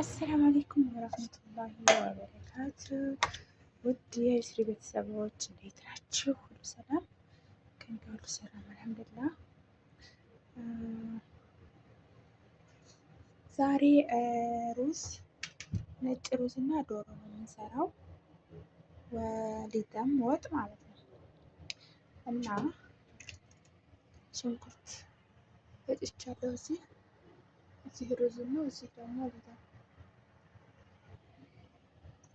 አሰላሙ አለይኩም ወረህመቱላሂ ወበረካቱ። ውድ የእስሪ ቤተሰቦች እንዴት ናችሁ? ሁሉ ሰላም ከእኔ ጋር ሁሉ ሰላም አልሐምዱሊላህ። ዛሬ ሩዝ፣ ነጭ ሩዝ እና ዶሮ ነው የምንሰራው ወሊደም ወጥ ማለት ነው እና ሽንኩርት ፈጭቻለሁ እዚህ እዚህ ሩዝ ነው እዚህ ደግሞ ወሊደም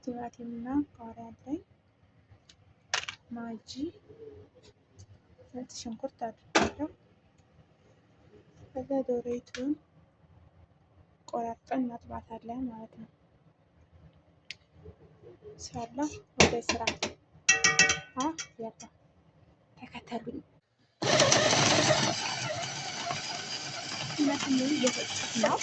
ቲማቲምና ቃሪያ አለኝ። ማጂ ነጭ ሽንኩርት አድርጋለሁ። ከዛ ዶሬቱን ቆራርጠን እናጥባታለን ማለት ነው። ሳላ ወደ ስራ አ ያባ ተከተሉኝ። ሁለቱም እየፈጨት ነው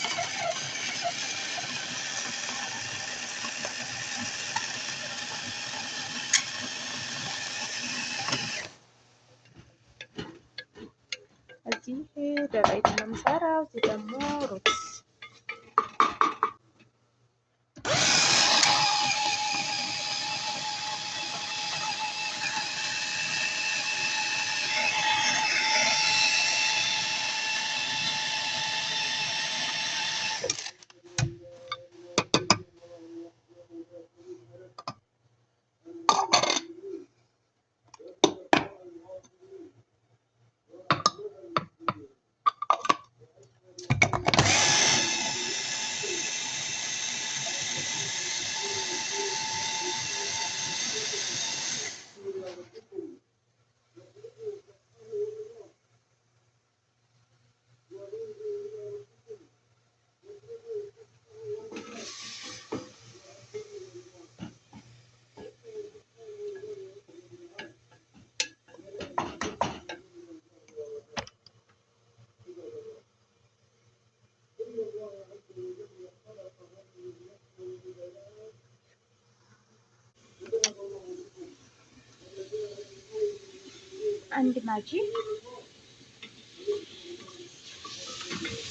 አንድ ማጂ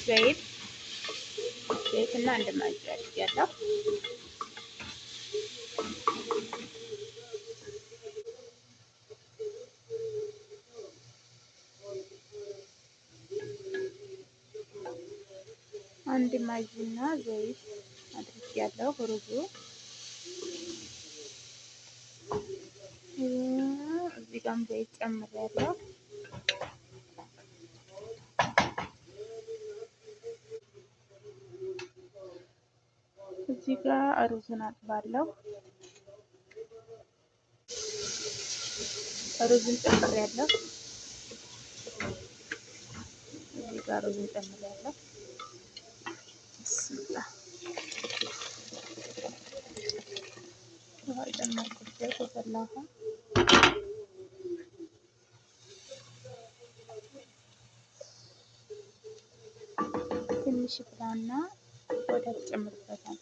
ዘይት እና አንድ ማጂ ያለው አንድ እና ዘይት አድርጌያለሁ ሩዙ በጣም ዘይት ጨምሬያለሁ። እዚህ ጋር ሩዝን አጥባለሁ። ሩዝን ጨምሬያለሁ። እዚህ ጋር ሩዝን ጨምሬያለሁ። ጨመርኩት። ትንሽ ብላና ወተት ጨምርበታል።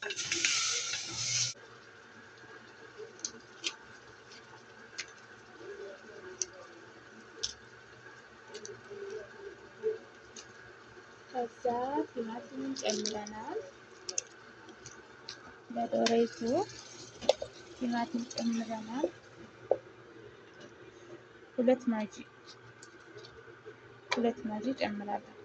ከዛ ቲማቲምን ጨምረናል። ለዶሬቱ ቲማቲም ጨምረናል። ሁለት ማጂ ሁለት ማጂ ጨምራለሁ።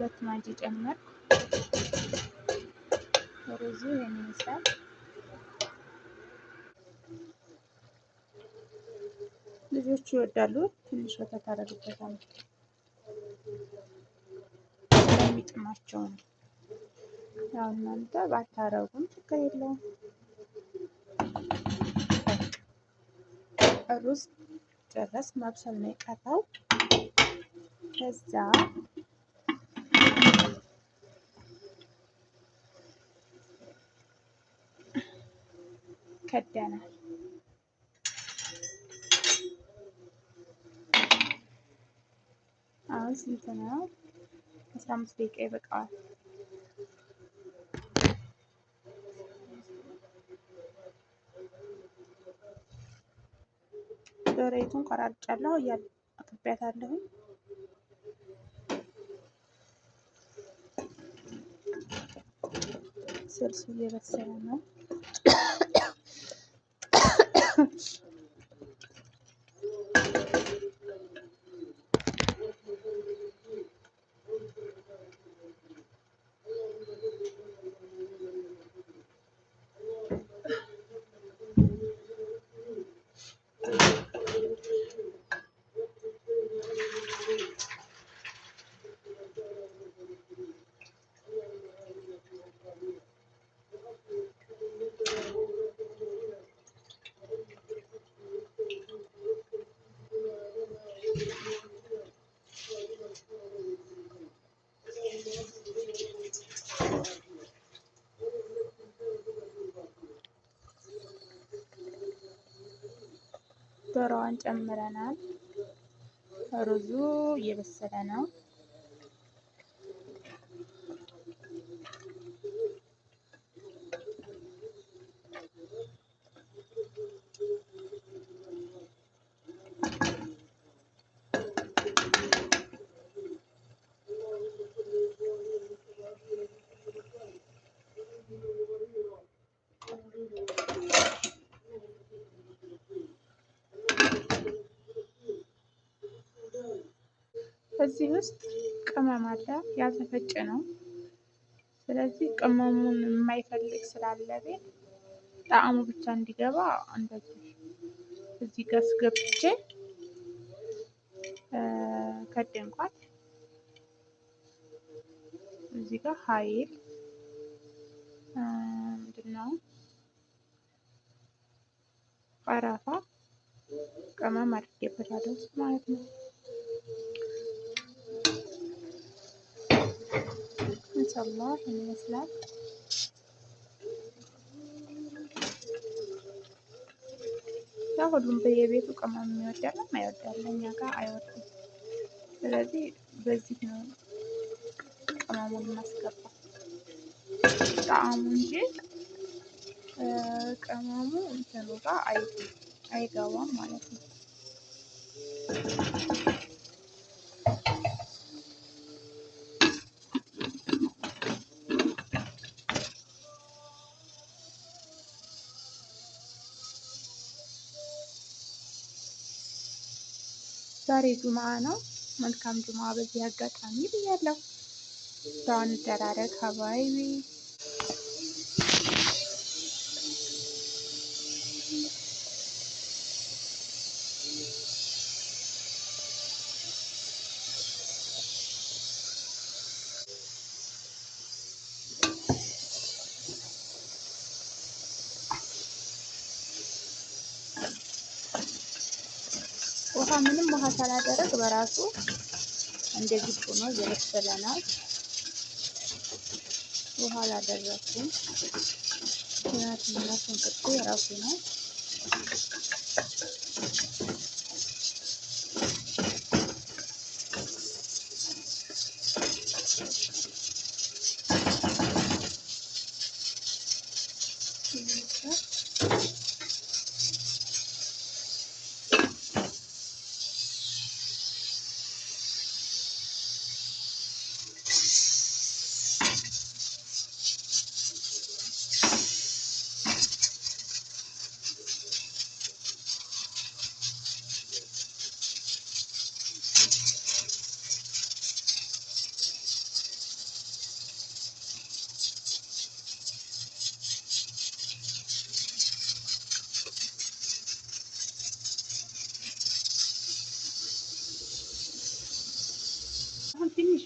ሁለት ማጂ ጨመርኩ። ሩዙ ይህን ይመስላል። ልጆቹ ይወዳሉ። ትንሽ ወተት አደርግበታለሁ የሚጥማቸው ነው። ያው እናንተ ባታረጉም ችግር የለውም። ሩዝ ጨረስ መብሰል ነው የቀረው ከዛ ከደናል። አሁን ስንት ነው? አስራ አምስት ደቂቃ ይበቃዋል። ዶሮይቱን ቆራርጫለሁ እያቀብያታለሁ። ስልሱ እየበሰለ ነው። ዶሮዋን ጨምረናል። ሩዙ እየበሰለ ነው። ከዚህ ውስጥ ቅመም አለ፣ ያልተፈጨ ነው። ስለዚህ ቅመሙን የማይፈልግ ስላለ ቤት ጣዕሙ ብቻ እንዲገባ እንደዚህ እዚህ ጋር አስገብቼ ከደንኳት። እዚህ ጋር ሀይል ምንድን ነው ቀረፋ ቅመም አድርጌበታለሁ ማለት ነው። ማሻአላህ ይህን ይመስላል። ያው ሁሉም በየቤቱ ቅመም የሚወዳለም አይወዳለም፣ እኛ ጋር አይወድም። ስለዚህ በዚህ ነው ቅመሙን እናስገባ ጣዕሙ እንጂ ቅመሙ እንትኑ ጋር አይገባም ማለት ነው። ዛሬ ጁማ ነው። መልካም ጁማ በዚህ አጋጣሚ ብያለሁ። ዳውን ደራረግ ሀባይቢ ምንም ውሃ ሳላደረግ በራሱ እንደዚህ ሆኖ እየበሰለናል። ውሃ አላደረኩም። ምክንያቱም ሽንኩርቱ የራሱ ነው።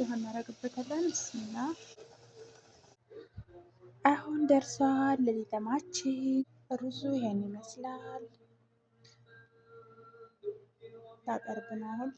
ውሃ እናደርግበታለን። እና አሁን ደርሷል ለሊጠማችን። ሩዙ ይሄን ይመስላል። ታቀርብናል